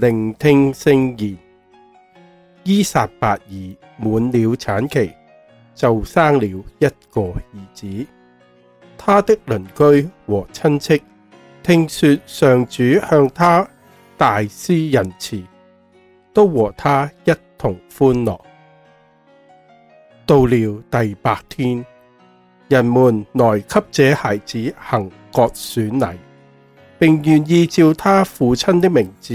聆聽聖言。依撒伯爾滿了產期，就生了一個兒子。他的鄰居和親戚聽說上主向他大施仁慈，都和他一同歡樂。到了第八天，人們來給這孩子行割損禮，並願意照他父親的名字。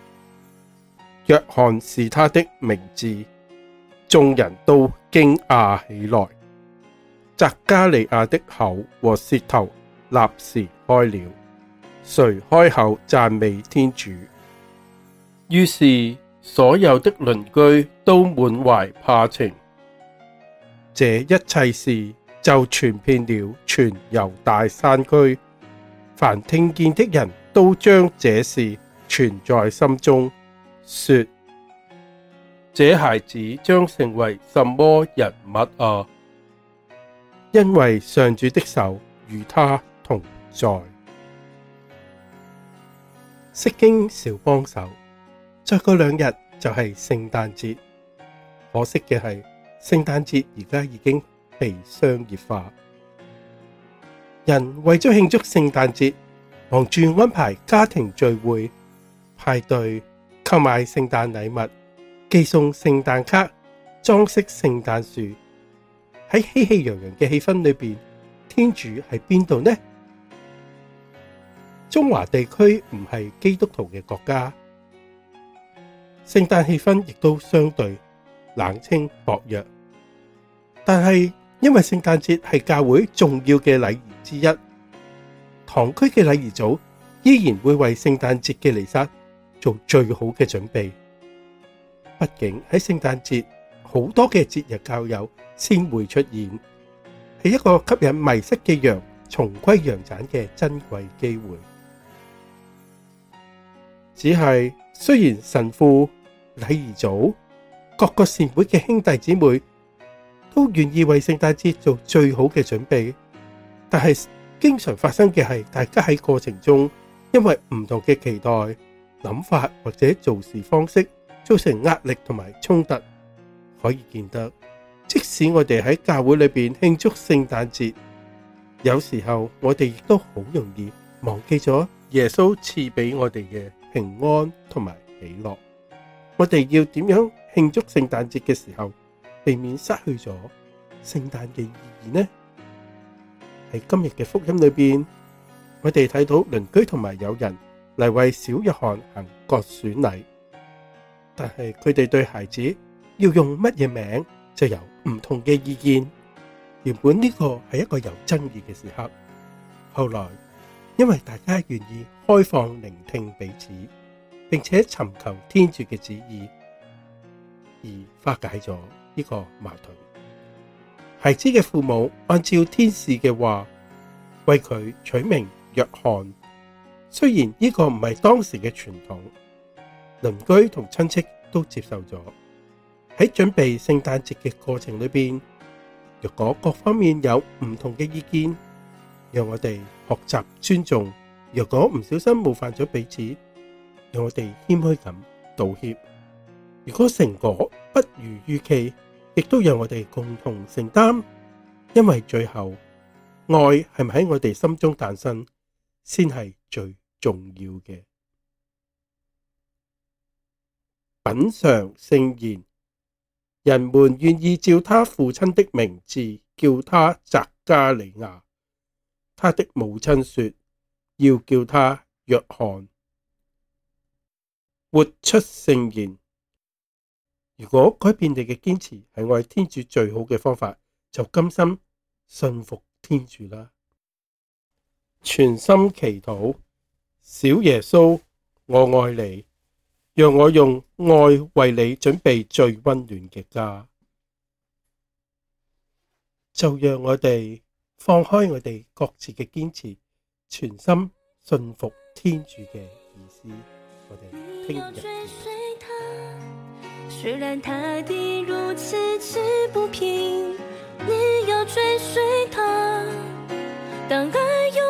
若翰是他的名字，眾人都驚訝起來。匝加利亞的口和舌頭立時開了，遂開口讚美天主。於是，所有的鄰居都滿懷怕情，這一切事就傳遍了全猶大山區，凡聽見的人都將這事存在心中。說：這孩子將成為什麼人物啊？因為上主的手與他同在。釋經小幫手。再過兩日就係聖誕節，可惜嘅係聖誕節而家已經被商業化。人為咗慶祝聖誕節，忙住安排家庭聚會、派對。購買聖誕禮物、寄送聖誕卡、裝飾聖誕樹，喺喜氣洋洋嘅氣氛裏邊，天主喺邊度呢？中華地區唔係基督徒嘅國家，聖誕氣氛亦都相對冷清薄弱。但係因為聖誕節係教會重要嘅禮儀之一，堂區嘅禮儀組依然會為聖誕節嘅彌撒。做最好嘅準備，畢竟喺聖誕節好多嘅節日教友先會出現，係一個吸引迷失嘅羊重歸羊棧嘅珍貴機會。只係雖然神父、禮儀組、各個善會嘅兄弟姊妹都願意為聖誕節做最好嘅準備，但係經常發生嘅係，大家喺過程中因為唔同嘅期待。諗法或者做事方式，造成壓力同埋衝突，可以見得。即使我哋喺教會裏邊慶祝聖誕節，有時候我哋亦都好容易忘記咗耶穌賜俾我哋嘅平安同埋喜樂。我哋要點樣慶祝聖誕節嘅時候，避免失去咗聖誕嘅意義呢？喺今日嘅福音裏邊，我哋睇到鄰居同埋友人，嚟為小若翰行割損禮，但係佢哋對孩子要用乜嘢名就有唔同嘅意見。原本呢個係一個有爭議嘅時刻，後來因為大家願意開放聆聽彼此，並且尋求天主嘅旨意，而化解咗呢個矛盾。孩子嘅父母按照天使嘅話，為佢取名若翰。雖然呢個唔係當時嘅傳統，鄰居同親戚都接受咗。喺準備聖誕節嘅過程裏邊，若果各方面有唔同嘅意見，讓我哋學習尊重；若果唔小心冒犯咗彼此，讓我哋謙虛咁道歉；如果成果不如預期，亦都讓我哋共同承擔，因為最後愛係咪喺我哋心中誕生，先係最重要嘅。品嚐聖言，人們願意照他父親的名字叫他匝加利亞，他的母親說要叫他若翰。活出聖言，如果改變你嘅堅持係愛天主最好嘅方法，就甘心信服天主啦，全心祈禱。小耶穌，我愛祢，讓我用愛為祢準備最溫暖嘅家。就讓我哋放開我哋各自嘅堅持，全心信服天主嘅意思。我哋聽一個人。